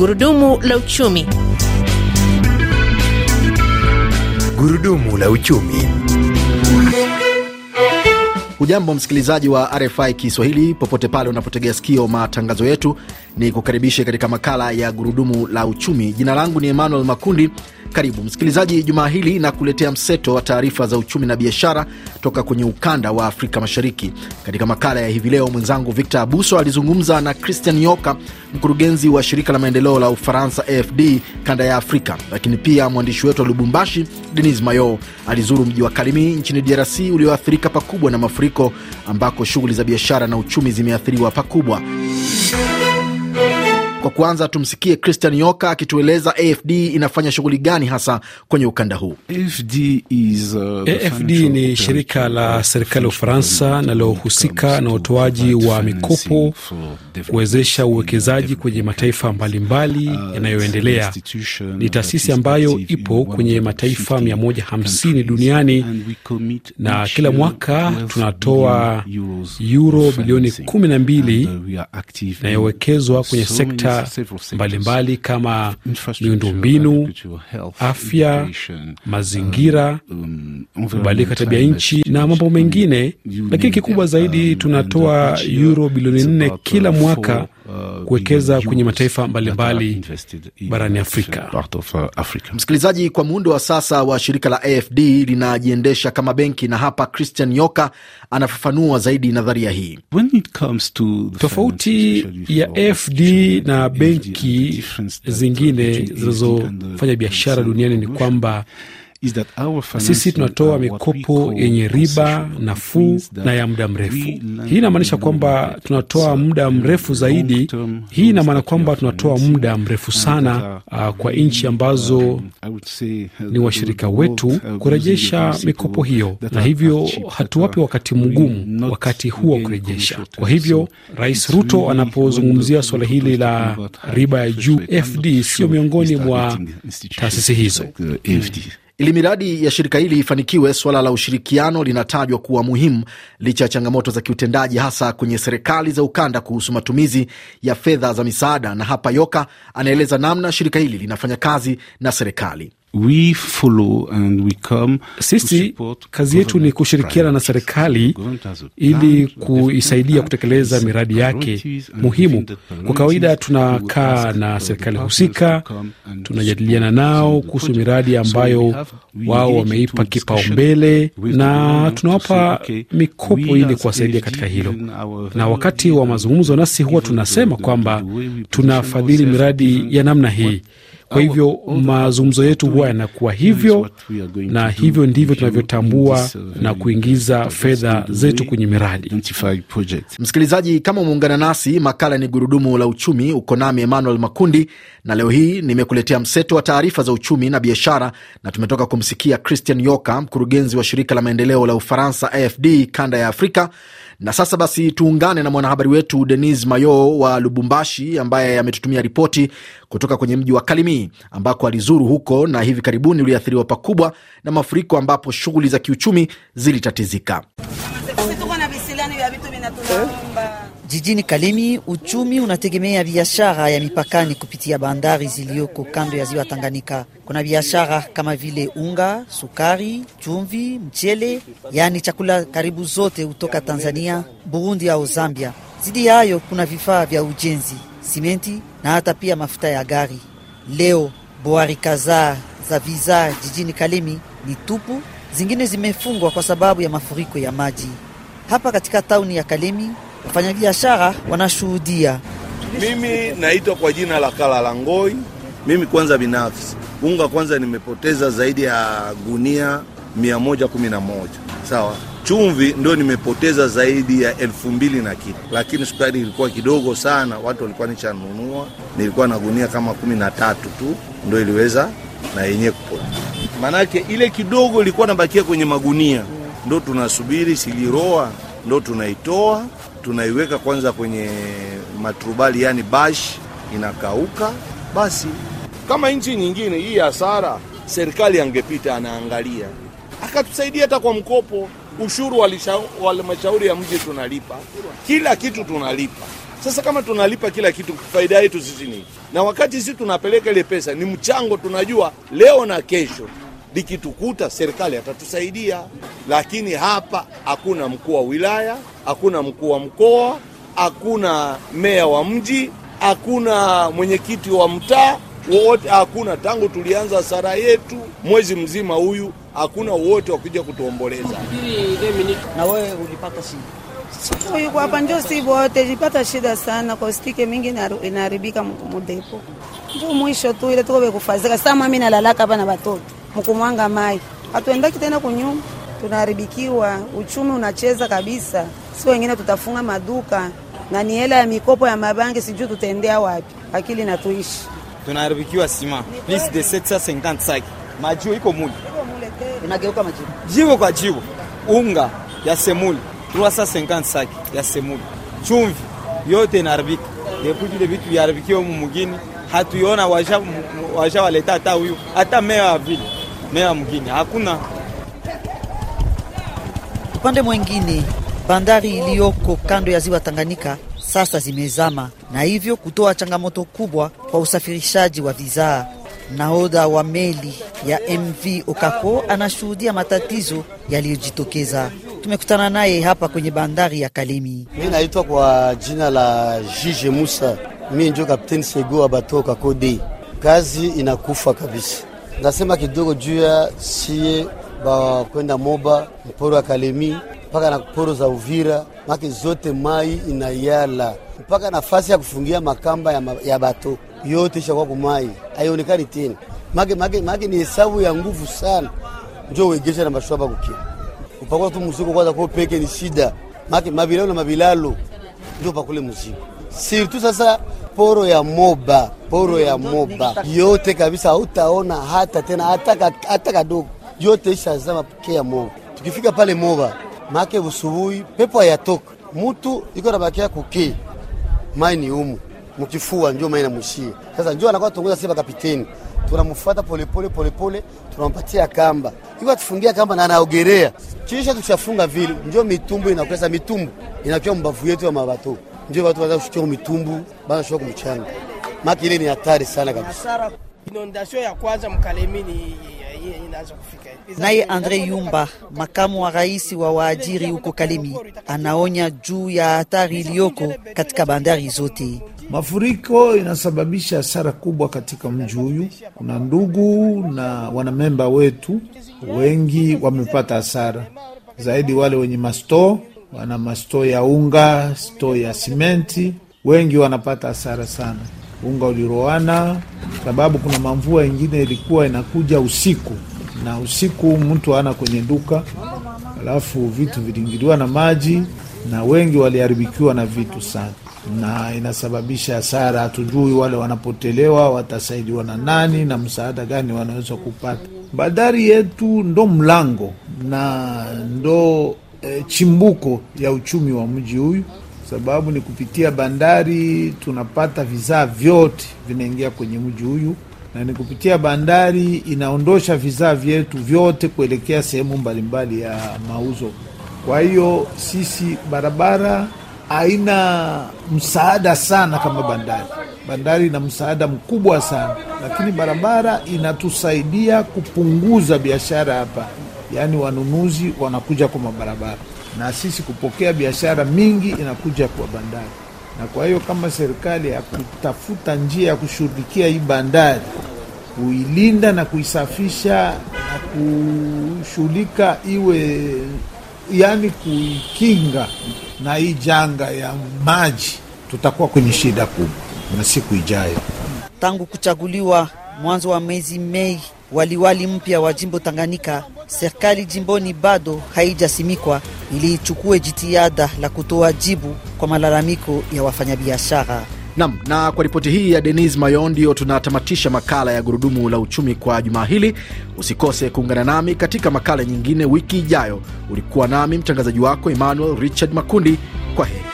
Gurudumu la uchumi. Gurudumu la uchumi. Hujambo msikilizaji wa RFI Kiswahili popote pale unapotegea sikio matangazo yetu, ni kukaribishe katika makala ya gurudumu la uchumi. Jina langu ni Emmanuel Makundi karibu msikilizaji jumaa hili na kuletea mseto wa taarifa za uchumi na biashara toka kwenye ukanda wa Afrika Mashariki. Katika makala ya hivi leo, mwenzangu Victor Abuso alizungumza na Christian Yoka, mkurugenzi wa shirika la maendeleo la Ufaransa AFD kanda ya Afrika, lakini pia mwandishi wetu wa Lubumbashi Denis Mayo alizuru mji wa Kalimi nchini DRC ulioathirika pakubwa na mafuriko, ambako shughuli za biashara na uchumi zimeathiriwa pakubwa. Kwa kwanza tumsikie Christian Yoka akitueleza AFD inafanya shughuli gani hasa kwenye ukanda huu. AFD, is, uh, AFD ni shirika la serikali ya Ufaransa linalohusika na utoaji wa mikopo kuwezesha uwekezaji kwenye mataifa mbalimbali uh, yanayoendelea. Ni taasisi ambayo ipo kwenye mataifa 150 duniani na kila mwaka tunatoa euro bilioni 12 uh, inayowekezwa kwenye sekta mbalimbali kama miundombinu, afya, mazingira, kubadilika tabia nchi na mambo mengine, lakini kikubwa zaidi tunatoa yuro bilioni nne kila mwaka Uh, kuwekeza kwenye mataifa mbalimbali barani uh, Afrika. Uh, Msikilizaji, kwa muundo wa sasa wa shirika la AFD linajiendesha kama benki, na hapa Christian Yoka anafafanua zaidi nadharia hii. Tofauti ya AFD na benki zingine zinazofanya biashara duniani ni kwamba sisi tunatoa uh, mikopo yenye riba nafuu na ya muda mrefu. Hii inamaanisha kwamba tunatoa muda mrefu zaidi. Hii ina maana kwamba tunatoa muda mrefu sana uh, uh kwa nchi ambazo um, uh, ni washirika wetu kurejesha mikopo hiyo, na hivyo hatuwapi wakati mgumu wakati huo wa kurejesha. Kwa hivyo Rais Ruto anapozungumzia suala hili la riba ya juu, FD sio miongoni mwa taasisi hizo. Ili miradi ya shirika hili ifanikiwe, suala la ushirikiano linatajwa kuwa muhimu licha ya changamoto za kiutendaji, hasa kwenye serikali za ukanda kuhusu matumizi ya fedha za misaada. Na hapa Yoka anaeleza namna shirika hili linafanya kazi na serikali. We follow and we come sisi, kazi yetu ni kushirikiana na serikali ili kuisaidia kutekeleza miradi yake muhimu. Kwa kawaida tunakaa na serikali husika, tunajadiliana nao kuhusu miradi ambayo wao wameipa kipaumbele, na tunawapa mikopo ili kuwasaidia katika hilo. Na wakati wa mazungumzo nasi huwa tunasema kwamba tunafadhili miradi ya namna hii kwa hivyo mazungumzo yetu huwa yanakuwa hivyo, na hivyo ndivyo tunavyotambua na kuingiza fedha zetu kwenye miradi. Msikilizaji, kama umeungana nasi, makala ni gurudumu la uchumi, uko nami Emmanuel Makundi, na leo hii nimekuletea mseto wa taarifa za uchumi na biashara, na tumetoka kumsikia Christian Yoka, mkurugenzi wa shirika la maendeleo la Ufaransa AFD kanda ya Afrika na sasa basi tuungane na mwanahabari wetu Denis Mayo wa Lubumbashi ambaye ametutumia ripoti kutoka kwenye mji wa kalimi ambako alizuru huko na hivi karibuni uliathiriwa pakubwa na mafuriko ambapo shughuli za kiuchumi zilitatizika. Jijini Kalemi uchumi unategemea biashara ya mipakani kupitia bandari zilizoko kando ya ziwa Tanganyika. Kuna biashara kama vile unga, sukari, chumvi, mchele, yaani chakula karibu zote hutoka Tanzania, Burundi au Zambia. Zidi ya hayo, kuna vifaa vya ujenzi, simenti na hata pia mafuta ya gari. Leo boari kadhaa za viza jijini Kalemi ni tupu, zingine zimefungwa kwa sababu ya mafuriko ya maji. Hapa katika tauni ya Kalemi wafanyabiashara wanashuhudia. Mimi naitwa kwa jina la Kala Langoi. Mimi kwanza binafsi unga kwanza nimepoteza zaidi ya gunia 111 sawa. Chumvi ndio nimepoteza zaidi ya elfu mbili na kitu, lakini sukari ilikuwa kidogo sana, watu walikuwa nichanunua. Nilikuwa na gunia kama kumi na tatu tu ndio iliweza na yenyewe kupotea, maanake ile kidogo ilikuwa nabakia kwenye magunia, ndo tunasubiri siliroa ndo tunaitoa tunaiweka kwanza kwenye maturubali, yani bash inakauka. Basi kama nchi nyingine hii hasara, serikali angepita anaangalia akatusaidia hata kwa mkopo. Ushuru wa halmashauri ya mji tunalipa, kila kitu tunalipa. Sasa kama tunalipa kila kitu, faida yetu sisi ni Na wakati sisi tunapeleka ile pesa, ni mchango, tunajua leo na kesho likitukuta serikali atatusaidia, lakini hapa hakuna mkuu wa wilaya, hakuna mkuu wa mkoa, hakuna meya wa mji, hakuna mwenyekiti wa mtaa wote, hakuna. Tangu tulianza sara yetu mwezi mzima huyu, hakuna wote wakuja kutuomboleza. Na wewe ulipata shida? Huyu hapa ndio si wote jipata shida sana, kwa stike mingi inaharibika mudepo, njo mwisho tu ile tuko bekufazika. Sasa mimi nalalaka hapa na watoto mkumwanga mai, hatuendaki tena kunyuma, tunaharibikiwa, uchumi unacheza kabisa. Si wengine tutafunga maduka na ni hela ya mikopo ya mabangi, sijui tutaendea wapi? Akili natuishi, tunaharibikiwa. sima plis de 750 saki majiwe iko muli inageuka majio jivo kwa jivo unga ya semuli 350 saki ya semuli, chumvi yote inaharibika depuis vile vitu vyaharibikiwe mugini, hatuiona waja waleta hata huyu hata meya wa vile meya mwingine hakuna. Upande mwingine, bandari iliyoko kando ya ziwa Tanganyika sasa zimezama na hivyo kutoa changamoto kubwa kwa usafirishaji wa vizaa Nahodha wa meli ya MV Okapo anashuhudia matatizo yaliyojitokeza. Tumekutana naye hapa kwenye bandari ya Kalemi. Mi naitwa kwa jina la Jije Musa, mi njo kapteni sego wa bato Kazi inakufa kabisa Nasema kidogo juu ya sie ba kwenda Moba mporo ya Kalemi mpaka na poro za Uvira, make zote mai inayala mpaka nafasi ya kufungia makamba ya, ma, ya bato yote ishakuwa kumai, haionekani tena make, make, make ni hesabu ya nguvu sana, njo wegesha na mashua bakukia upakula tu muziko kwanza kwa peke ni shida, make mabilalo na mabilalo njo pakule muziko sirtu sasa poro ya Moba, poro ya Moba yote kabisa, utaona hata tena hata kadogo, yote ishazama ya Moba. Tukifika pale Moba make busubui, pepo hayatoka, mutu iko nabakia kuke mai ni umu mukifua, njo mai na namushia. Sasa njo anakuwa tongoza sisi kapiteni, tunamfuata polepole polepole, tunampatia kamba, iko atufungia kamba na anaogerea kisha tushafunga vile, njo mitumbu inakwesa, mitumbu inakuwa mbavu yetu ya mabato ndio watu wanaanza kushukia mitumbu, banashuka kumchanga. Maki ile ni hatari sana kabisa. Inondasio ya kwanza Mkalemi ni eh, eh, Naye Andre Yumba, makamu wa rais wa waajiri huko Kalemi, anaonya juu ya hatari iliyoko katika bandari zote. Mafuriko inasababisha hasara kubwa katika mji huyu. Kuna ndugu na wanamemba wetu wengi wamepata hasara zaidi, wale wenye masto wana masto ya unga, sto ya simenti. Wengi wanapata hasara sana, unga uliroana, sababu kuna mamvua ingine ilikuwa inakuja usiku, na usiku mtu ana kwenye duka, alafu vitu viliingiliwa na maji, na wengi waliharibikiwa na vitu sana na inasababisha hasara. Hatujui wale wanapotelewa watasaidiwa na nani na msaada gani wanaweza kupata. Bandari yetu ndo mlango na ndo e, chimbuko ya uchumi wa mji huyu, sababu ni kupitia bandari tunapata vizaa vyote vinaingia kwenye mji huyu, na ni kupitia bandari inaondosha vizaa vyetu vyote kuelekea sehemu mbalimbali ya mauzo. Kwa hiyo sisi barabara haina msaada sana kama bandari. Bandari ina msaada mkubwa sana, lakini barabara inatusaidia kupunguza biashara hapa yaani wanunuzi wanakuja kwa mabarabara, na sisi kupokea biashara mingi inakuja kwa bandari. Na kwa hiyo kama serikali ya kutafuta njia ya kushughulikia hii bandari, kuilinda na kuisafisha na kushughulika iwe yaani kuikinga na hii janga ya maji, tutakuwa kwenye shida kubwa na siku ijayo. Tangu kuchaguliwa mwanzo wa mwezi Mei waliwali mpya wa jimbo Tanganyika, serikali jimboni bado haijasimikwa ili ichukue jitihada la kutoa jibu kwa malalamiko ya wafanyabiashara. Nam, na kwa ripoti hii ya Denis Mayo ndio tunatamatisha makala ya gurudumu la uchumi kwa jumaa hili. Usikose kuungana nami katika makala nyingine wiki ijayo. Ulikuwa nami mtangazaji wako Emmanuel Richard Makundi. Kwa heri.